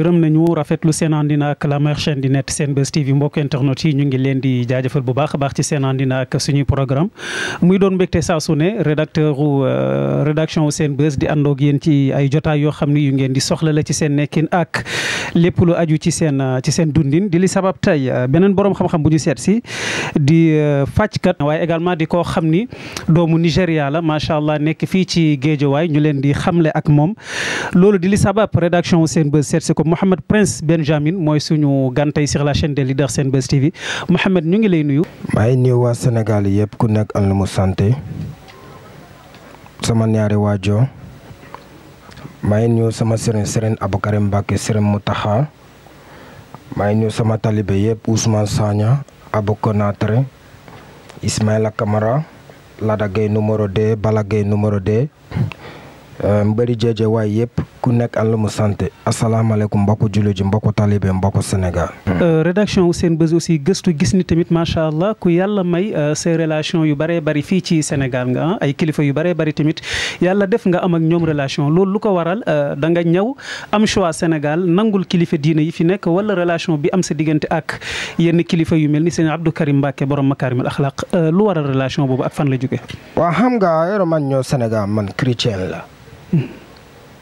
gërëm nañu rafetlu seen àndina di net Senbuzz TV mbokk internet yi ñu ngi leen di jaajëfal bu baax ci doon mbégte saa su ne rédacteur u euh, rédaction u di àndoog yéen ci ay jotaay yoo xam ni yu ngeen di soxla la ci seen nekkin ak lépp lu aju ci seen ci seen dundin di li sabab tey euh, beneen boroom xam-xam bu ñu seet si di euh, fàcckat waaye également di ko xam ni doomu Nigéria la macha allah nekk fii ci Géejawaay ñu leen di xamle ak moom loolu di li sabab rédaction u Senbuzz seet si ko Mouhamed Prince Benjamin mooy suñu gan tey sur la chaîne des leaders Senbuzz TV Mouhamed ñu ngi lay nuyu. maa ngi waa senegal yëpp ku nekk am na mu santé sama ñaari waajoo maa ngi nuyu sama sëriñ sëriñ Aboukarim Mbacke sëriñ Mountakha maa ngi nuyu sama talibe yëpp Ousmane Sagna Abou Konatré Ismaïla Camara Lada Gueye numéro 2 Bala Gueye numéro 2 euh, mbëri jeeje waay yëpp. ku nekk an la mu sant asalaamaaleykum mbokku jullit ji mbokku talibe mbokku Sénégal. Euh, rédaction seen bés aussi gëstu gis ni tamit macha allah ku yàlla may euh, say relation yu bëree bëri fii ci Sénégal nga ah, ay kilifa yu bëree bëri tamit yàlla def nga am ak ñoom relation loolu lu ko waral euh, da nga ñëw am choix Sénégal nangul kilifa diine yi fi nekk wala relation bi am sa diggante ak yenn kilifa yu mel ni sëñ Abdou Karim Mbacke borom makaarimul axlaq lu waral relation boobu ak fan la jóge. waa xam nga yoroo man ñoo Sénégal man chrétien la. Hmm.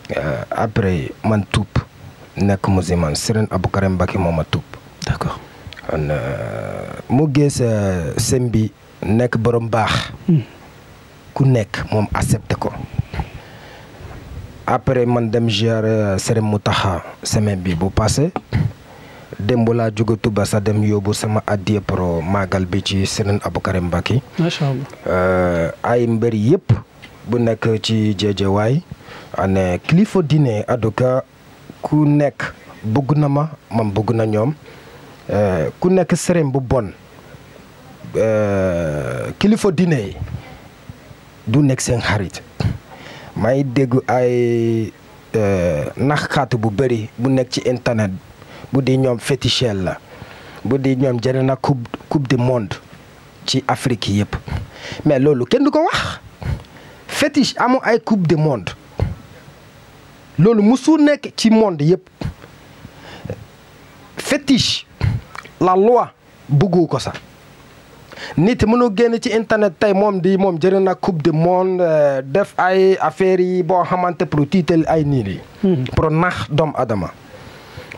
Euh, après man tuub nekk musulman Serigne Abou Karim Mbacké moo ma tuub. d'accord kon euh, mu gis euh, sëñ bi nekk borom baax. Hmm. ku nekk moom accepté ko. après man dem ziar mu Mountakha semaine bi bu passé démb laa jóge Touba sa dem yóbbu sama addiya pro màggal bi ci Serigne Abou Karim Mbacké. macha ay mbër yëpp bu nekk ci jéejewaay. ane kilifa diine aduka ku nekk bëgg na ma man bëgg na ñoom eh, ku nekk sëriñ bu bon eh, kilifa diine du nekk seen xarit may dégg ay eh, naxkaatu bu bëri bu nekk ci internet bu di ñoom fétichel la bu di ñoom jëlee na coupe coupe du monde ci Afrique yëpp mais loolu kenn du ko wax fétiche amu ay coupe du monde. loolu musul nekk ci monde yëpp fétiche la loi bëggu ko sax nit mënu génn ci internet tey moom di moom jëriñ na coupe du monde euh, def ay affaires yi boo xamante pour tiital ay niir yi. Hmm. nax doomu adama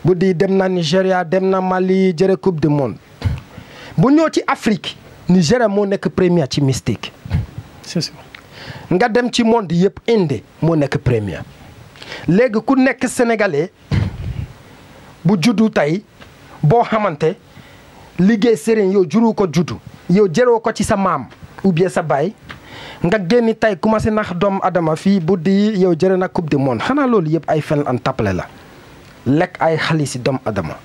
bu di dem na Nigéria dem na Mali jëre coupe de monde bu ñëw ci Afrique Nigéria moo nekk premier ci mystique. c'est nga dem ci monde yëpp Inde moo nekk premier. léegi ku nekk sénégalais bu juddu tey boo xamante liggéey sëriñ yow juru ko juddu yow jëroo ko ci sa maam ou sa baay nga génn tey commencé nax doomu adama fii bu di yow jërë na coupe du monde xanaa loolu yëpp ay fen an tappale la lekk ay xaalis doomu adama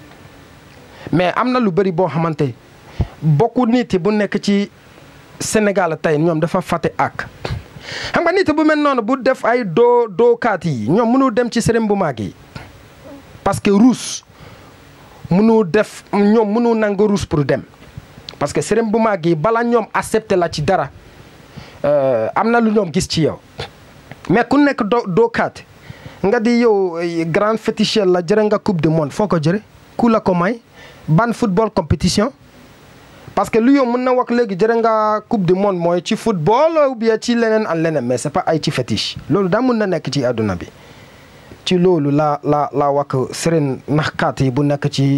mais am na lu bari boo xamante bokku nit yi bu nekk ci Sénégal tey ñoom dafa fàtte ak xam nga nit bu mel noonu bu def ay doo dookaat yi ñoom mënul dem ci sëriñ bu mag yi parce que ruus mënul def ñoom mënul nanga ruus pour dem parce que sëriñ bu mag yi bala ñoom accepté la ci dara euh, am na lu ñoom gis ci yow mais ku nekk doo dookaat nga di yow grand féticheur la jërë nga coupe de monde foo ko jëre ku la ko may ban football compétition parce que lu yow mën na wax léegi jërë nga coupe du mooy ci football ou bien ci leneen ak leneen mais c'est pas ay ci fétiche loolu daa mën na nekk ci àdduna bi ci loolu laa la laa wax sëriñ naxkat bu nakk ci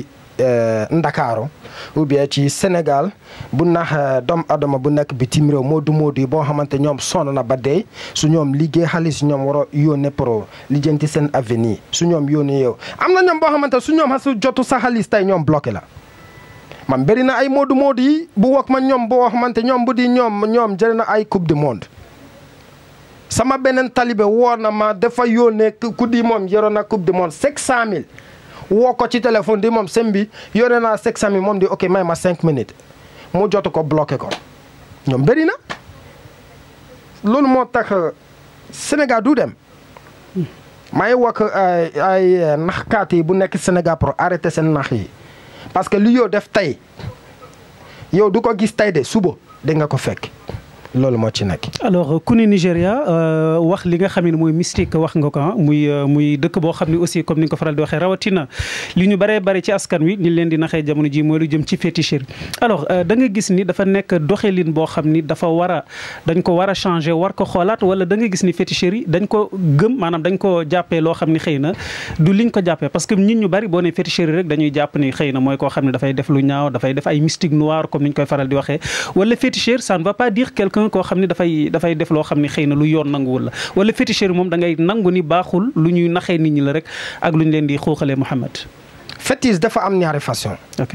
euh, Ndakaaru ou bien ci Sénégal bu nax euh, doom adama bu nekk bitim réew moodu moodu yi boo xamante ñoom sonn na ba dee su ñoom liggéey xaalis ñoom war a yónnee pro lijjanti seen avenir su ñoom yónnee yow am na ñoom boo xamante su ñoom xasu jotu sa xaalis tey ñoom la man bëri na ay moodu moodu yi bu wax ma ñoom boo mante ñoom bu di ñoom ñoom jël na ay coupe du monde sama beneen talibe woo na ma dafa yónnee ku di moom yore na coupe du monde 500000 woo ko ci téléphone di moom sembi bi yore naa 500000 moom di ok may ma 5 minutes mu jot ko bloqué ko ñoom bëri na loolu moo tax euh, Sénégal du dem. may wax euh, ay euh, nax kaati bu nekk Sénégal pour arrêter seen nax yi. parce que li yoo def tey yow du ko gis tey de suba di ko fekk. loolu moo ci nekk. alors euh, ku ni Nigéria euh, wax li nga xam ne mystique wax nga ko ah, muy euh, muy dëkk boo xam ne aussi comme ni nga ko faral di waxee rawatina li ñu baree bari ci askan wi ni leen di naxee jamono ji mooy lu jëm ci féticheur. alors da nga gis ni dafa nekk doxalin boo xam ni dafa war a dañ ko war a changer war ko xoolaat wala da nga gis ni féticheur yi dañ ko gëm maanaam dañ ko jàppee loo xam ni xëy na du liñ ko jàppee parce que nit ñu bari boo nee féticheur rek dañuy jàpp ni xëy na mooy koo xam ne dafay def lu ñaaw dafay def ay mystique noir comme ni ñu koy faral di waxee quelqu'un koo xam ne dafay dafay def loo xam ne xëy na lu yoon nanguwul la wala féticheur moom da ngay ni baaxul lu naxee nit ñi la rek ak lu ñu leen di xooxalee Mouhamed. fétiche dafa am ñaari façon. ok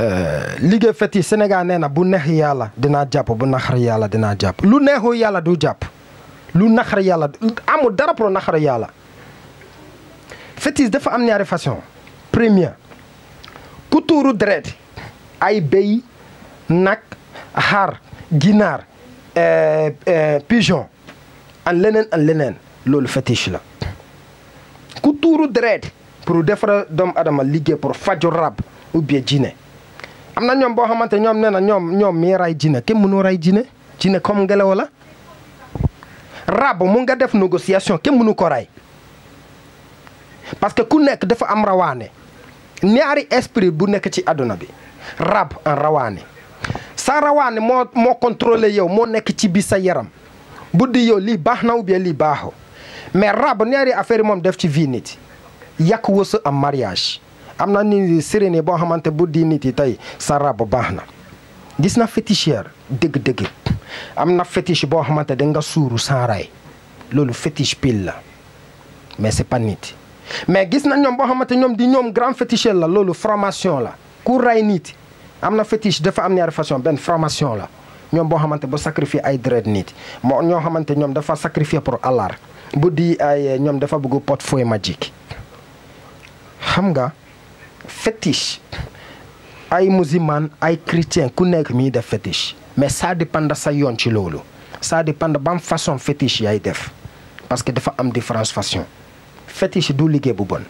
euh, liggéey fétiche Sénégal nee na bu neex yàlla dinaa jàpp bu naxar yàlla dinaa jàpp lu neexu yàlla du jàpp lu naxar yàlla amul dara pour naxar yàlla fetis dafa am ñaari façon première ku tuuru deret ay béy nag xar. ginaar eh, eh, pigeon an leneen an leneen loolu fétiche la ku tuuru deret pour defar doomu adama liggéey pour faju rab ou bien jinne am na ñoom boo xamante ñoom nee na ñoom ñoom mii ray jinne kenn mënoo ray jinne jine comme ngelaw la rab mu nga def négociation kenn mënu ko ray parce que ku nekk dafa am rawaane ñaari esprit bu nekk ci àdduna bi rab an rawaane sa rawaane moo moo contrôlé yow moo nekk ci biir sa yaram di yow lii baax na ou bien lii baaxoo mais rab ñaari affaire yi moom def ci vie nit yàq wësu am mariage am na ni sëriñ boo xamante buddi nit yi tey sa rab baax na gis na féticheur dëgg-dëgg am na fétiche boo xamante da nga suuru sans ray loolu fétiche pile la mais c'est pas nit mais gis na ñoom boo xamante ñoom di ñoom grand féticheur la loolu formation la ku ray nit am na fétiche dafa am ñaari façon benn formation la ñoom boo xamante bu sacrifier ay deret nit moo ñoo xamante ñoom dafa sacrifier pour àllar bu di ay ñoom dafa bëgg portefeuille magique xam nga fétiche ay musulman ay chrétien ku nekk mii def fétiche mais ça dépend sa yoon ci loolu ça dépend bam façon fétiche yaay def parce que dafa am différence façon fétiche du liggéey bu bon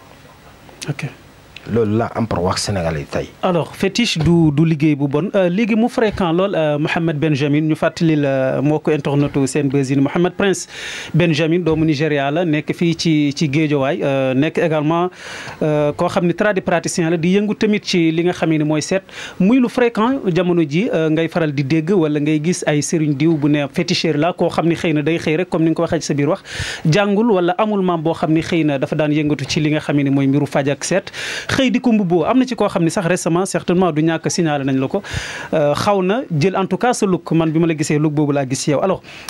loolu la am pour wax Sénégal tey. alors fétiche du du liggéey bu bon euh, léegi mu fréquent lool euh, Mouhamed Benjamin ñu fàttali mook moo ko internetu seen bésine Mouhamed Prince Benjamin doomu Nigéria la nekk fii ci ci Géejawaay euh, nekk également koo xam ni tradipraticien la di yëngu tamit ci li nga xam ne mooy seet muy lu fréquent jamono ji ngay faral di dégg wala ngay gis ay sëriñ diw bu ne féticheur la koo xam ni xëy na day xëy rek comme ni nga ko waxee sa biir wax jàngul wala amul maam boo xam ni xëy na dafa daan yëngatu ci li nga xam ne mooy mbiru faj seet xëy di ko mbubboo am na ci koo xam ne sax récemment certainement du ñàkk signalé nañ la ko euh, xaw na jël en tout cas man bi ma la gisee look boobu la gis ci yow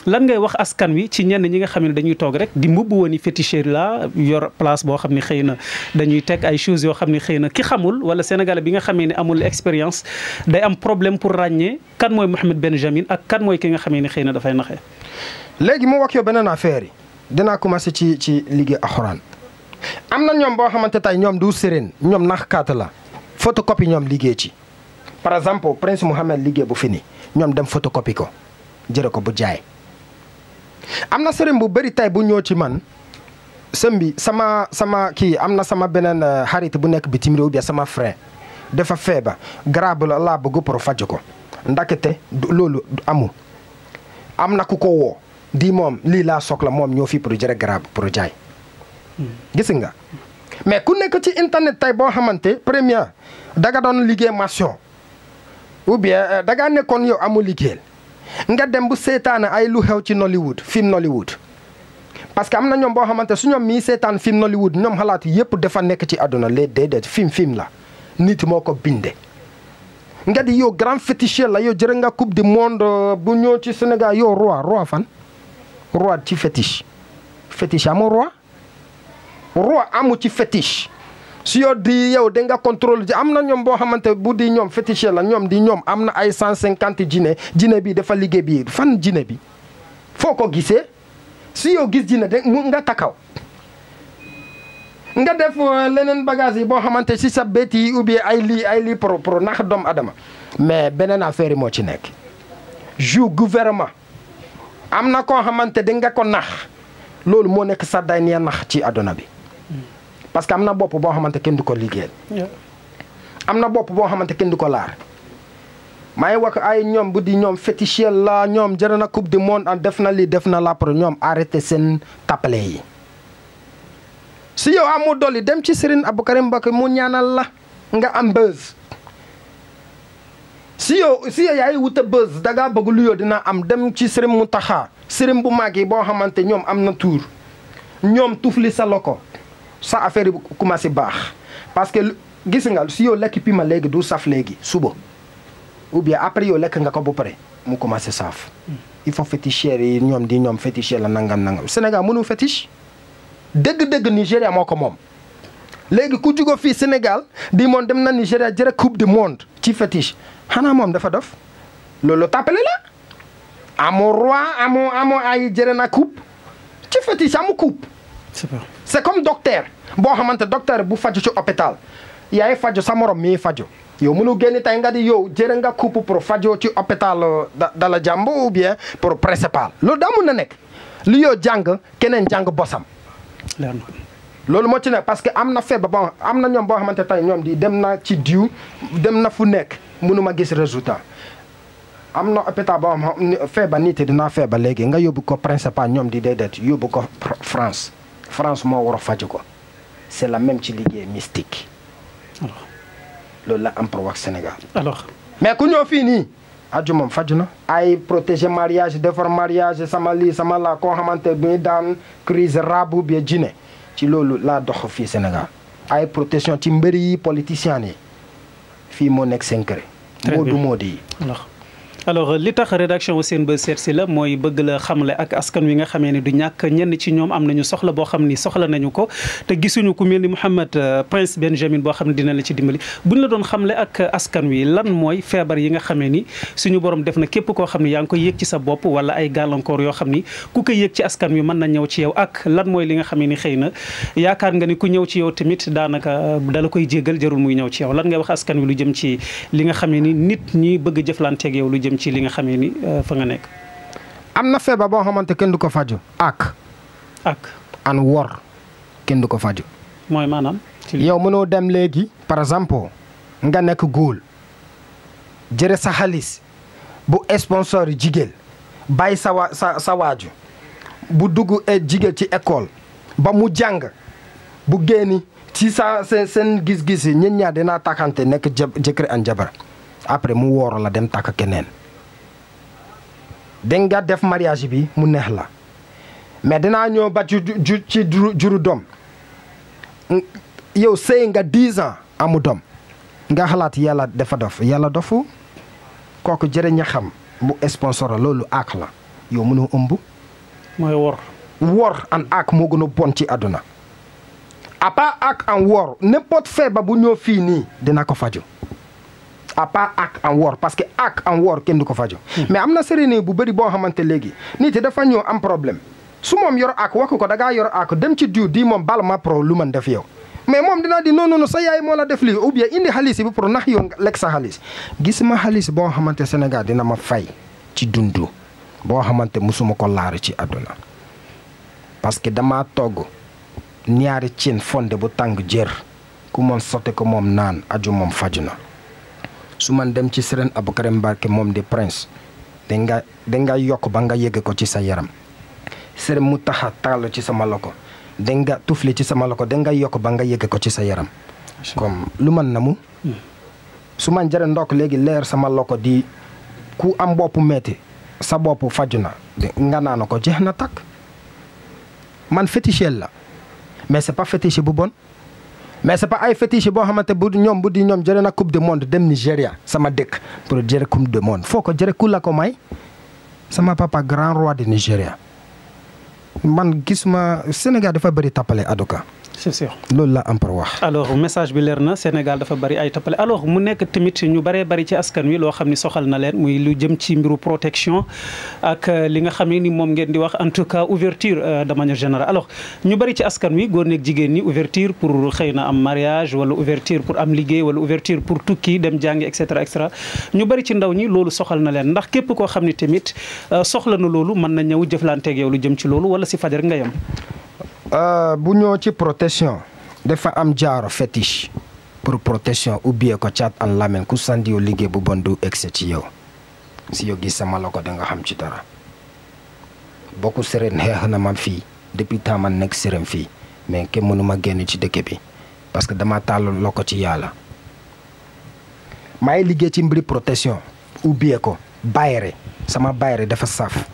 lan ngay wax askan wi ci ñenn ñi nga xam ne dañuy toog rek di mbubb woon i féticheur la yor place boo xam ne xëy na dañuy teg ay choses yoo xam ne xëy na ki xamul wala sénégalais bi nga xamee ne amul expérience day am problème pour ràññee kan mooy Mouhamed Benjamin ak kan mooy ki nga xamee ne xëy na dafay naxee léegi mu wax yow beneen affaire yi dinaa commencé ci ci liggéey axuraan am na ñoom boo xamante tey ñoom du séréen ñoom naxkaata la photocopie ñoom liggéey ci par exemple prince Mohamed liggéey bu fi ni ñoom dem photocopie ko jëre ko bu jaay am na sëriñ bu bëri tey bu ñëw ci man sëm bi sama sama kii am na sama beneen eh, xarit bu nekk bitim réew bi sama frère dafa feebar grave la laa bëgg pour faj ko ndakete loolu amu am na ku ko moom lii laa soxla moom ñoo fi pour jëre grave pour jaay gis nga mais ku nekk ci internet tey boo xamante premier danga doon liggéey machon ou bien euh, dangaa nekkoon yow amul liggéeyal nga dem bu seetaan ay lu xew ci Nollywood film Nollywood. parce que am na ñoom boo xamante su ñoom mii seetaan film Nollywood ñoom xalaat yëpp dafa nekk ci àdduna les déedéet film film la nit moo ko binde nga di yow grand féticheur la yow jërë nga coupe du euh, bu ñëw ci Sénégal yow roi roi fan roi ci fétiche fétiche amoo roi. roi amu ci fétiche si yow di yow da nga contrôle ji am na ñoom boo xamante bu di ñoom fétiche la ñoom di ñoom am na ay cent cinquante jinne jinne bi dafa liggée bi fan jinne bi foo ko gisee si yow gis jinne de nga takaw nga def euh, leneen bagage boo xamante si sa bët yi ou ay lii ay lii pro nax ndax doomu adama mais beneen affaire yi moo ci nekk jou gouvernement am na koo xamante da nga ko nax loolu moo nekk sa day nax ci adduna bi parce que am na bopp boo xamante kenn du ko liggéeyal. am na bopp boo xamante kenn du ko laar. maa ngi wax ay ñoom bu di ñoom féticheur la ñoom jërë na coupe du monde a ah, def na lii def na la pour ñoom arrêté seen tappale yi. si yow amu dolli dem ci Serigne Aboukarim Mbacké mu ñaanal la nga am buzz. si yow si yow yaay wuta buzz dangaa bëgg lu dina am dem ci mu Mountakha Serigne bu mag yi boo xamante ñoom am na tuur ñoom tufli sa loko sa affaire yi commencé baax parce que gis nga si yow lekk piment léegi du saf léegi suba ou bien après yow lekk nga ko ba pare mu commencé saaf. il faut féticheur yi ñoom di ñoom féticheur la nangam nangam Sénégal mënu fétiche dëgg-dëgg Nigéria moo ko moom. léegi ku jugoo fii Sénégal di moom dem na Nigéria jëre coupe du monde ci fétiche xanaa moom dafa dof loolu tàppale la amoo roi amoo ay jëre na coupe ci fétiche amu coupe. c'est comme docteur boo xamante docteur bu faju ci hôpital yaay faju sa morom mii faju yow mënu génn tey nga di yow jërë nga coupe pour fajoo ci hôpital euh, da la jàmb ou bien pour principal loolu daa mun na nekk li yoo jàng keneen jàng bosam loolu moo ci nekk parce que am na feeb ba am na ñoom boo xamante tey ñoom di dem na ci diw dem na fu nekk mënuma gis résultat am na hôpital boo xam feeba nit dinaa feeba léegi nga yóbbu ko principal ñoom di déedéet yóbbu ko France France moo war faj ko c'est la même ci liggéey mystique. loolu la am pour wax Sénégal. alors mais ku ñëw fii nii. aju moom faju na. ay protéger mariage defar mariage sama lii sama la koo xamante bi daan crise rabu bi jine ci loolu laa dox fii Sénégal. ay protection ci mbëri yi politiciens yi fii moo nekk seen kër. moodu moodi yi alors li tax rédaction seen seet si la mooy bëgg la xamle ak askan wi nga xamee ne du ñàkk ñenn ci ñoom am nañu soxla boo xam ni soxla nañu ko te gisuñu ku mel ni Mouhamed euh, Prince Benjamin boo xam ne dina la ci dimbali buñ la doon xamle ak askan wi lan mooy feebar yi nga xamee ni suñu borom def na képp koo xam ne yaa ngi koy yëg ci sa bopp wala ay gàllankoor yoo xam ni ku ko yëg ci askan wi mën na ñëw ci yow ak lan mooy li nga xamee ni xëy na yaakaar nga ni ku ñëw ci yow tamit daanaka euh, dala koy jéggal jarul muy ñëw ci yow lan ngay wax askan wi lu jëm ci li nga xamee ni nit ñi bëgg jëflanteeg yow lu jëm jëm li nga xamee ni euh, fa nga nekk. am na feebar boo xamante kenn du ko faju ak. ak an wor kenn du ko faju mooy maanaam. yow mënoo dem léegi par exemple nga nekk góol jëre sa xaalis bu sponsor jigéen bàyyi sa wa bu dugg eh, jigéen ci école ba mu jàng bu génni ci sa seen seen gis-gis yi ñun ñaar dinaa takkante nekk jëkkër an jabar après mu wooro la dem takk keneen. dañ nga def mariage bi mu neex la mais dinaa ñoo ba ci ju juru doom yow sëy nga dix ans amu doom nga xalaat yàlla dafa dof yàlla dofu kooku jërëñ ñaxam bu sponsor loolu ak la yow mënoo ëmb. mooy wor. wor an ak moo bon ci àdduna à part ak an wor n'importe fait ba bu ñëw fii nii dina ko faju à part ak en woor parce que ak en woor kenn du ko fajo hmm. mais am na séréné bu bëri boo xamante léegi nit yi dafa ñëw am problème su moom yor ak wax ko da ngaa ak dem ci diw di moom bal ma pro lu man def yow mais moom dinaa di non non sa yaay moo la def lii ou indi xaalis bi pour nax yow lekk sa xaalis gis ma xaalis boo xamante Sénégal dina ma fay ci dundu boo xamante musuma ko laar ci àdduna parce que damaa togg ñaari cin fonde bu tàng jër ku sotte ko moom naan aju moom faju na su man dem ci Serigne Abou Karim Mbacké moom di prince dañ nga dañ nga yokk ba nga yëg ko ci sa yaram Serigne mu taxa taal ci sama loko dañ nga tufli ci sama loko dañ nga yokk ba nga yege ko ci sa yaram comme lu man na mu hmm. su man jare ndokk léegi leer sama loko di ku am boppu metti sa bopp faju na nga naana ko jeex na takk man féticheur la mais c'est pas bu bon mais c'est pas ay fétiche boo xamante bu ñoom bu di ñoom jëre na coupe du monde dem Nigéria sama dëkk pour jëre coupe du monde foo ko jëre ku ko may sama papa grand roi de Nigéria man gisuma Sénégal dafa bëri tappale aduka c'est loolu laa am pour wax. alors message bi leer na Sénégal dafa bari ay tappale alors mu nekk tamit ñu baree bari ci askan wi loo xam ni soxal na leen muy lu jëm ci mbiru protection ak euh, li nga xam ne ni moom ngeen di wax en tout cas ouverture euh, de manière générale alors ñu bari ci askan wi góor nekk jigéen ñi ouverture pour xëy na am mariage wala ouverture pour am liggéey wala ouverture pour tukki dem jàngi et cetera et cetera ñu bari ci ndaw ñi loolu soxal na leen ndax képp koo xam ni tamit euh, soxla na loolu mën na ñëw jëflanteeg yow lu jëm ci loolu wala si fajar nga yem. Euh, bu ñëw ci protection dafa am jaaro fétiche pour protection ubbiyee ko caat an lamen ku sandiwu liggéey bu bon du egsi ci yow si yow gis sama la ko da nga xam ci dara bokku sëreen xeex na ma fii depuis temps man nekk sëreen fii mais kenn mënuma génn ci dëkk bi parce que dama tàll loo ko ci yàlla maay liggéey ci mbiri protection ubbiyee ko bayre sama bayre dafa saf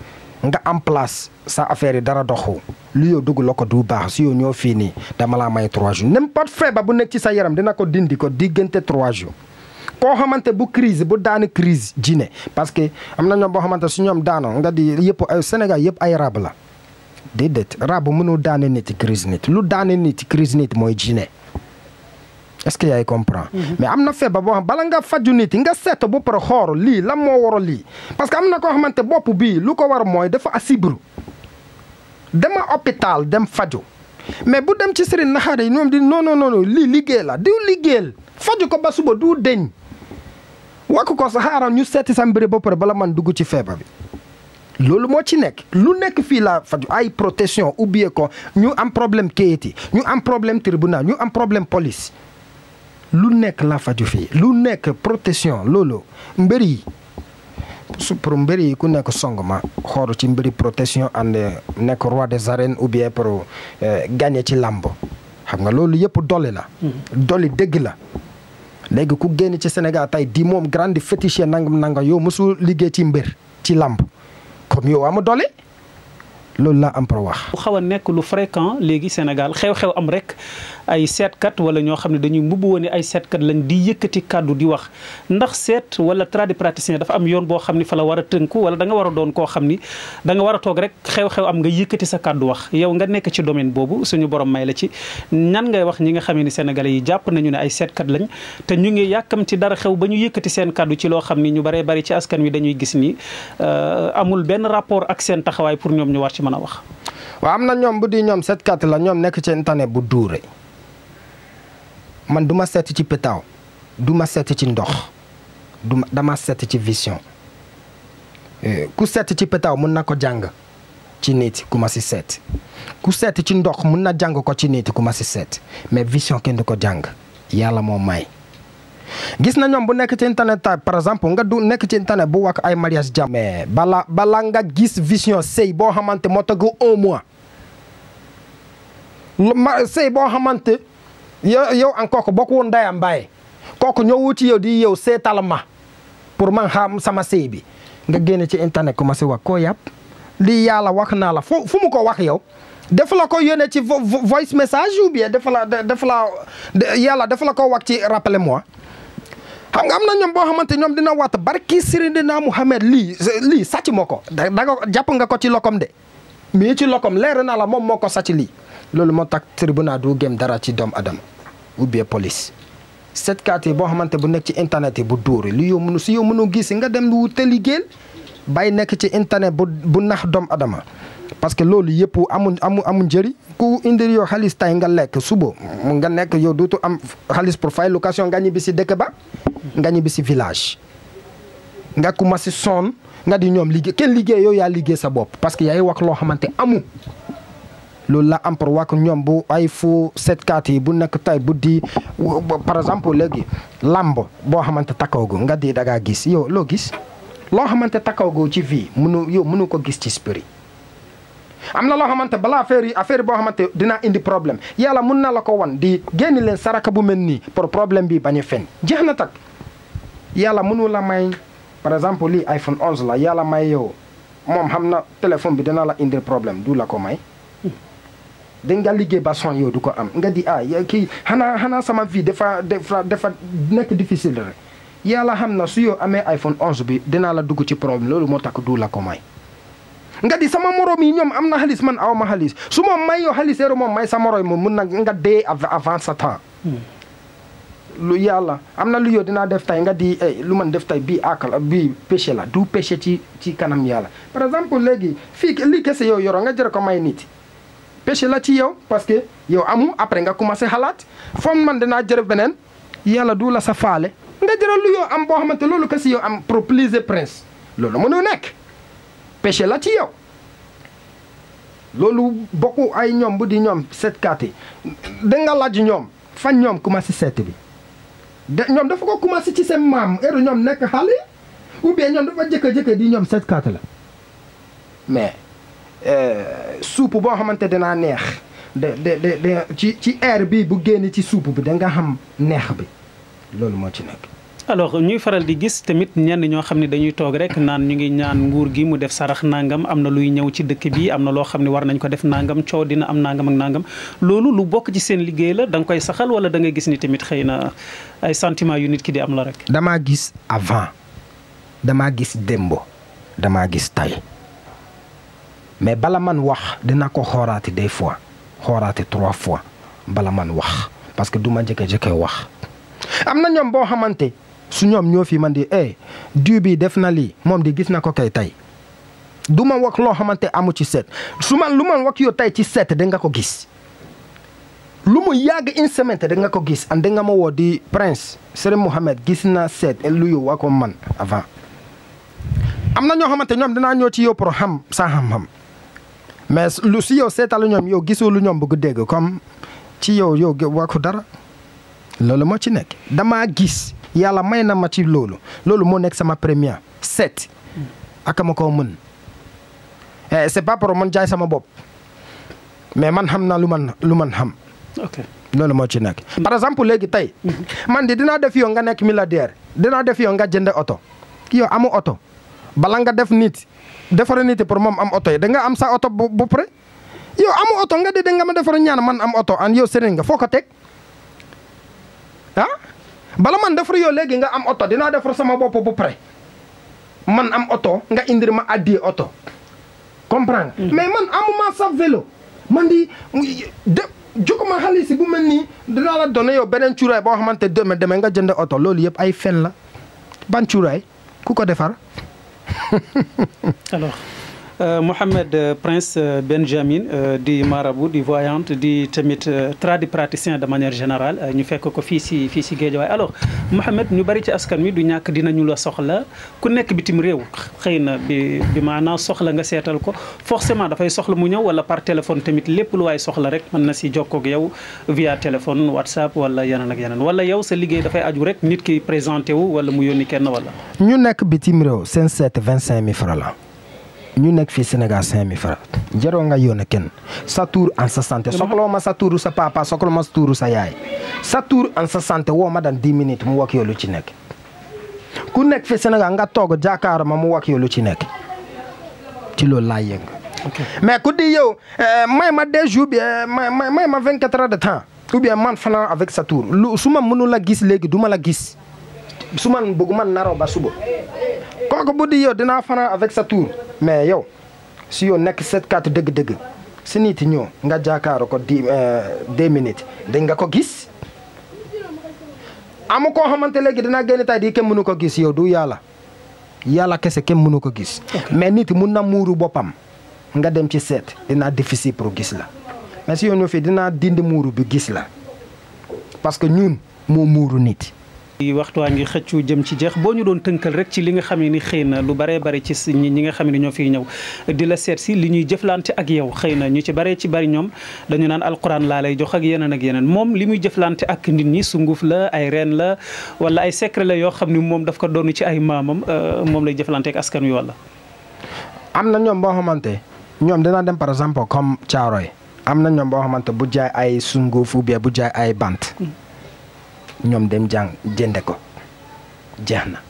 nga am place sa affaire yi dara doxu lu yow dugg la ko du baax si yow ñoo fii nii dama laa may trois jours n'importe feebar bu nekk ci sa yaram dina ko dindi ko diggante trois jours. koo xamante bu crise bu daanu crise ji ne parce que am na ñoom boo xamante su ñoom daanoo nga di yëpp Sénégal yëpp ay rab la déedéet rab mënul daane nit crise nit lu daane nit crise nit mooy ji ne est-ce que yaay comprend mhm. mais am na feeba boo xam bala nga faju nit nga seeto ba pare xool lii lan moo waral lii parce que am na koo xamante bopp bii lu ko war mooy dafa asibru dama hôpital dem fajo mais bu dem ci sëriñ naxaare yi ñoom di non non lii liggéey la diw liggéeyal faju ko ba suba du deñ wakk ko sa xaaral ñu seeti sa ba pare bala man dugg ci feebar bi loolu moo ci nekk lu nekk fii la fajo ay protection ubbie ko ñu am problème kayiti ñu am problème tribunal ñu am problème police lu nekk la faju fii lu nekk protection loolu mbir yi su pour ku nekk song ma xool ci mbëri protection ànd eh, nekk roi des arènes ou bien pour eh, ci làmb xam nga loolu yëpp dolli la. Hmm. dolli dëgg la. léegi ku génn ci Sénégal tey di moom grande fétiche nangam nanga yow mosul liggéey ci mbër ci làmb comme yow ama dolli. loolu laa am pour wax. bu xaw a nekk lu fréquent léegi Sénégal xew-xew am rek ay seetkat wala ñoo xam ne dañuy mbubb woon ay seetkat lañ di yëkkati kàddu di wax ndax seet wala tradipraticien dafa am yoon boo xam ni fa la war a tënku wala da nga war a doon koo xam ni danga war a toog rek xew-xew am nga yëkkati sa kàddu wax yow nga nekk ci domaine boobu suñu borom may la ci ñan ngay wax ñi nga xamee ni Sénégalais yi jàpp nañu ne ay seetkat lañ te ñu ngi yàkkam ci dara xew ba ñu yëkkati seen kàddu ci loo xam ni ñu baree bari ci askan wi dañuy gis ni euh, amul benn rapport ak seen pour ñoom ñu war ci mën a wax. waaw am na ñoom bu di ñoom set seetkat la ñoom nekk ci internet bu duure man duma ma ci pétaw du ma seet ci ndox du dama seet ci vision eh, ku seet ci pétaw mun na ko jàng ci nit ku ma si seet ku seet ci ndox mun na jàng ko ci nit ku si seet mais vision kenn du ko jàng yàlla moo may. gis na ñoom bu nekk ci internet ta par exemple nga du nekk ci internet bu wax ay mariage jàmm mais bala bala nga gis vision sey boo xamante moo tagu un mois ma sëy boo xamante yow yow an kooku bokk woon ndayam mbaye kooku ñëwu ci yow di yow seetal ma pour man xam sama sëy bi nga génn ci internet commencé wax koo yàpp lii yàlla wax naa la fu fu mu ko wax yow dafa la ko yónnee ci voice message ou bien dafa la dafa la yàlla dafa la ko wax ci rappelez moi xam nga am na ñoom boo xamante ñoom dina waat barki Seydina Muhammad lii lii sàcc moo ko da nga jàpp nga ko ci lokom de mais ci lokom leere na la moom moo ko sàcc lii loolu moo tax tribunal du gém dara ci doom adama ou bien police setkat yi boo xamante bu nekk ci internet yi bu dóori li yow nu si yow mënu gis nga dem te wutali géel bay nekk ci internet bu bu nax doomu adama parce que loolu yëpp amu amu amu njëriñ ku indi yow xaalis tay nga lekk subo mu nga nekk yow dootu am xaalis pour fay location nga ñibbi si dëkk ba nga ñibbi si village nga commencé sonn nga di ñoom liggéey kenn liggéey yooyu yaa liggéey sa bopp parce que yaay wax loo xamante amu loolu la am pour ñoom bu ay fu setkat yi bu nekk tay bu di par exemple léegi làmb boo xamante takkaw gu nga di da ngaa gis yow loo gis loo xamante takkaw gu ci vie mënu yow mënu ko gis ci spirit am na loo xamante balaa affaire yi affaire boo xamante dinaa indi problème yàlla mun na la ko wan di génn leen saraka bu mel nii pour problème bi bañ a fen jeex na tak yàlla mënu la may par exemple lii iPhone 11 la yàlla may yow moom xam na téléphone bi dina la indil problème du la ko may. danga liggéey ba son yow du ko am nga di ah kii xanaa xanaa sama vie dafa dafa dafa nekk difficile rek yàlla xam na su yoo amee iPhone 11 bi dinaa la dugg ci problème loolu moo tax du la ko may. nga di sama morom yi ñoom am na xaalis man aw ma xaalis su ma mayoo xaaliseeru moom may sa morom moom mun na nga dee avant sa temps hmm. lu yàlla am na lu yow dinaa def tay nga di eh, lu man def tay bii akal bii péché la du péché ci ci kanam yàlla par exemple léegi fii lii kese yow yoro nga jëre ko may nit péché la ci yow parce que yow amu après nga commencé xalaat foom man dinaa jëre beneen yàlla du la sa faale nga jëre lu yow am boo xamante loolu kese yow am pour plaisir prince loolu mënul nekk péché la ci yow loolu bokku ay ñoom bu di ñoom seetkat yi da nga laaj ñoom fan ñoom commencé seet bi de ñoom dafa ko commencé ci seen maam heure ñoom nekk xale ou bien ñoom dafa jëkka-jëkka di ñoom seetkat la mais euh, suup boo xamante dinaa neex de de de ci ci air bi bu génn ci suup bi da nga xam neex bi loolu moo ci nekk alors ñuy faral di gis tamit ñenn ñoo xam ne dañuy toog rek naan ñu ngi ñaan nguur gi mu def sarax nangam am na luy ñëw ci dëkk bi am na loo xam ne war nañ ko def nangam coow dina am nangam ak nangam loolu lu bokk ci seen liggéey la danga koy saxal wala da ngay gis ni tamit xëy na ay santiment yu nit ki di am la rek. damaa gis avant damaa gis démbo damaa gis tay mais bala man wax dina ko xooraati des fois xooraati trois fois bala wax parce que du ma jëkke jëkke wax su ñoom ñoo fi man di eh diw def na lii moom di gis na ko kay tey du ma wax loo xamante amu ci seet su man lu man wax yow tey ci set da nga ko gis lu mu yàgg une semaine da nga ko gis and da nga woo di prince sere Mohamed gis naa seet lu yow waa ko man avant am na ñoo xamante ñoom dinaa ñoo ci yow pour xam sa xam-xam mais lu si yow seetalu ñoom yow gisoo lu ñoom bëgg dégg comme ci yow yow waa ko dara loolu moo ci nekk damaa gis. yàlla may na ma ci loolu loolu moo nekk sama premier set ak ma koo mën eh, c'est pas pour man jaay sama bopp mais man xam naa lu man lu man xam. loolu moo ci nekk par exemple léegi tey mhm. man di dinaa def yow nga nekk milliardaire dinaa def yow nga jënd oto ki yow amu oto bala nga def nit defara nit pour moom am oto yi da am sa oto bu pare yow amu oto nga de da nga ma defara ñaan man am oto an yow sëriñ nga foo ko teg ah? bala man defar yoo léegi nga am oto dinaa defar sama bopp bu pare man am oto nga indir ma addi oto comprendre mm. mais man amuma sa vélo man di de jukuma xaalis bu mel nii dinaa la donné yow beneen cuuraay boo xamante deme deme nga jënd oto loolu yëpp ay fen la ban cuuraay ku ko defar alors Euh, Mohamed euh, Prince euh, Benjamin di marabout di voyante di tamit tradipraticien de manière générale ñu fekk ko fii si fii si Guédiawaye alors Mohamed ñu bari ci askan wi du ñàkk dinañu la soxla ku nekk bitim réew xëy na bi bi maanaam soxla nga seetal ko forcément dafay soxla mu ñëw wala par téléphone tamit lépp lu waaye soxla rek mën na si jokkoog yow via téléphone WhatsApp wala yeneen ak yeneen wala yow sa liggéey dafay aju rek nit ki présenté wu wala mu yónni kenn wala. ñu nekk bitim réew seen seet vingt cinq mille francs ñu nekk fii Sénégal 5000 francs jaroo nga yoon a kenn sa tur an sa santé soxla ma sa turu sa papa soxla ma sa turu sa yaay sa tur an sa santé ma dan 10 mu wax yow lu ci nekk ku nekk fi Sénégal nga toog jàkkaarloo ma mu wax yow lu ci nekk ci loolu laa yëng mais ku di yow euh, may ma deux jours bi may may ma 24 heures de temps ou bien man fanaan avec sa tur lu su ma mënul a gis léegi duma la gis su ma bëgg man naraw ba suba kooku bu di yow dinaa fanaan avec mais yow si yow nekk seetkat dëgg-dëgg si nit ñoo nga jaakaaro ko di euh, deux minutes dañ nga ko gis amu koo xamante léegi dina génn tay di kenn mënu ko gis yow du yàlla yàlla kese kenn mënu ko gis mais nit mun na muuru boppam nga dem ci seet dina difficile pour gis la mais si yow ñoo fii dinaa dindi muuru bi gis la parce que ñun moo muuru nit waxtu waa ngi xëccu jëm ci jeex boo ñu doon tënkal rek ci li nga xam ne ni xëy na lu baree bari ci ñi nga xam ne ñoo fi ñëw di la seet si li ñuy jëflante ak yow xëy na ñu ci baree ci bari ñoom dañu naan alquran laa lay jox ak yeneen ak yeneen moom li muy jëflante ak nit ñi sunguf la ay reen la wala ay secret yoo xam ne moom daf ko doon ci ay maamam euh, moom lay jëflante ak askan wi wala. am na ñoom boo xamante ñoom dinaa dem par exemple comme Thiaroye am na ñoom boo xamante bu jaay ay sunguf ou bien bu jaay ay bant. Hmm. ñoom dem jàng jënde ko jeex na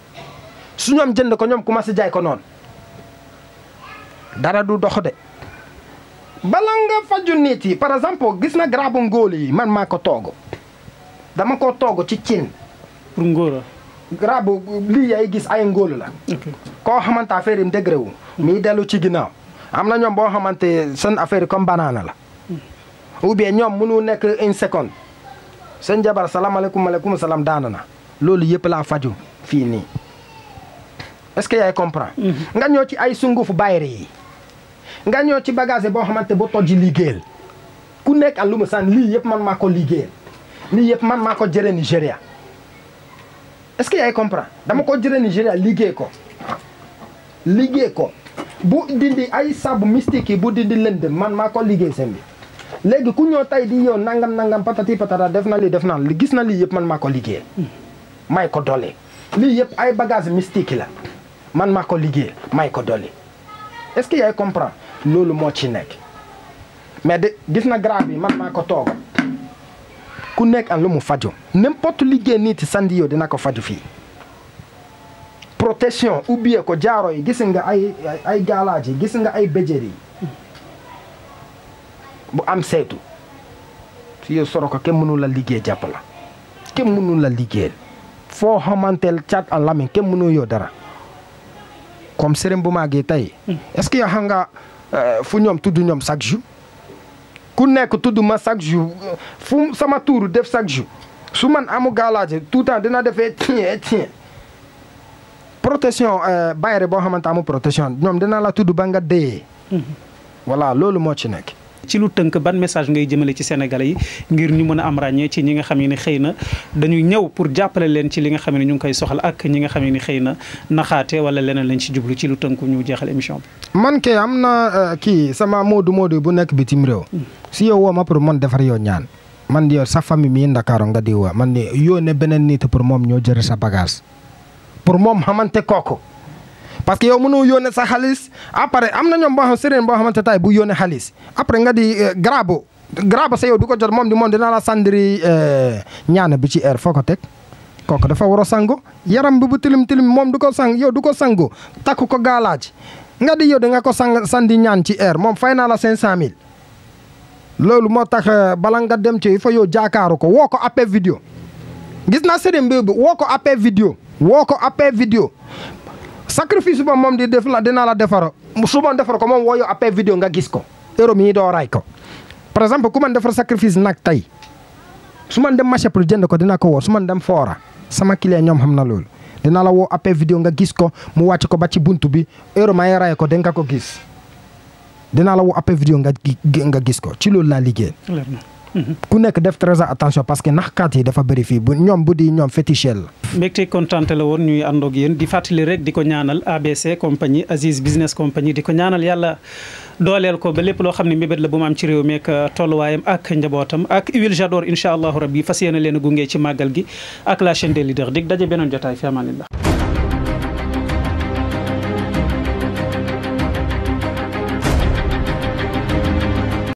su ñoom jënd ko ñoom commencé jaay ko noonu dara du dox de bala nga faju nit yi par exemple gis na garabu ngóol yi man maa ko toog dama ko toog ci cin pour ngóora garabu lii yaay gis ay ngóol la koo xamante affaire yi mu dégré wu dellu ci ginnaaw am na ñoom boo xamante seen affaire yi comme banaana la hmm. ou bien ñoom mënu nekk une seconde seen jabar salaamaaleykum maaleykum salaam daana na loolu yëpp laa faju fii nii est-ce que yaay comprend mhm. nga ñëw ci ay sungufu bayre yi nga ñëw ci bagage boo xamante ba toj liggéeyal ku nekk ak lu mu sànni lii yëpp man maa ko liggéeyal lii yëpp man maa ko jëre Nigéria est-ce que yaay comprend dama ko jëre Nigéria liggéey ko liggéey ko bu dindi ay saabu mystique yi bu dindi lënd man maa ko liggéey seen bi léegi ku ñoo tay di yow nangam nangam patati patata def na li def na li gis na lii yëpp man maa ko liggéey may ko dolli lii yëpp ay bagage mystique la man maa ko liggéey may ko dolli est-ce que yaay comprend loolu moo ci nekk mais de gis na grave bi man maa ko tooga ku nekk am lu mu faju n'importe liggéey nii ci Sandio dina ko faju fii protection ubbie ko jaaro yi gis nga ay ay gaalaaji gis nga ay béjér bu am saytu si yow Soroka kenn mënu la liggéey jàpp la kenn mënu la liggéeyal foo xamanteel caat a lamiñ kenn mënu yoo dara comme sërëm bu màggee tey est-ce que yow xam nga euh, fu ñoom tudd ñoom chaque jour ku nekk tudd ma chaque jour euh, fu sama tuuru def chaque jour su man amu gaalaaje tout temps dina defee tien tien protection euh, bayre boo xamante amu protection ñoom dina la tudd ba nga dee mm-hmm. voilà loolu moo ci nekk ci lu tënk ban message ngay jëmale ci sénégalais yi ngir ñu mën a am ràññee ci ñi nga xam ne xëy na dañuy ñëw pour jàppale leen ci li nga xam ne ñu ngi koy soxal ak ñi nga xam ne xëy na naxaate wala leneen lañ ci jublu ci lu tënk ñu jeexal émission bi. man kay am na euh, kii sama moodu moodu bu nekk bitim réew. Hmm. si yow woo ma pour man defar yow ñaan. man yow sa famille mii Ndakaaru nga di waa man ne yónnee beneen nit pour moom ñoo jël sa bagage parce que yow mënoo yónnee sa xaalis après am na ñoom boo xam séréer boo xamante tay bu yónnee xaalis après nga di euh, grabo grabo sa yow du ko jot moom di moom dina la sandri euh, ñaana bi ci air foo ko teg kooku dafa war a sangu yaram bu bu tilim tilim moom du ko sang yow du ko sangu takk ko gaalaaj nga di yow da nga ko sang sandi ñaan ci air moom fay naa la cinq cent loolu moo tax euh, bala nga dem ci fa yow jaakaaru ko woo ko appel gis naa sëriñ bi woo ko appel woo ko appel vidéo sacrifice ba moom di def la dinaa la defar su ma defar ko moom wooyo appel vidéo nga gis ko euro mi doo ray ko par exemple ku man defar sacrifice nag tey su man dem marché pour jënd ko dinaa ko woo su man dem foora sama client ñoom xam na loolu dinaa la woo appel vidéo nga gis ko mu wàcc ko ba ci buntu bi euro may ray ko danga ko gis dinaa la woo appel vidéo nga nga gis ko ci loolu laa liggéey ku nekk def très attention parce que naxkaat yi dafa bëri fii bu ñoom bu di ñoom fétichel la. mbégte kontante la woon ñuy àndoog yéen di fàttali rek di ko ñaanal ABC compagnie Aziz business compagnie di ko ñaanal yàlla dooleel ko ba lépp loo xam ne mbébét la bu ma am ci réew meek euh, tolluwaayam ak njabootam ak huile j'adore incha allahu rabbi fas yéene leen a gunge ci màggal gi ak la chaîne des leaders dig daje beneen jotaay fi amanillah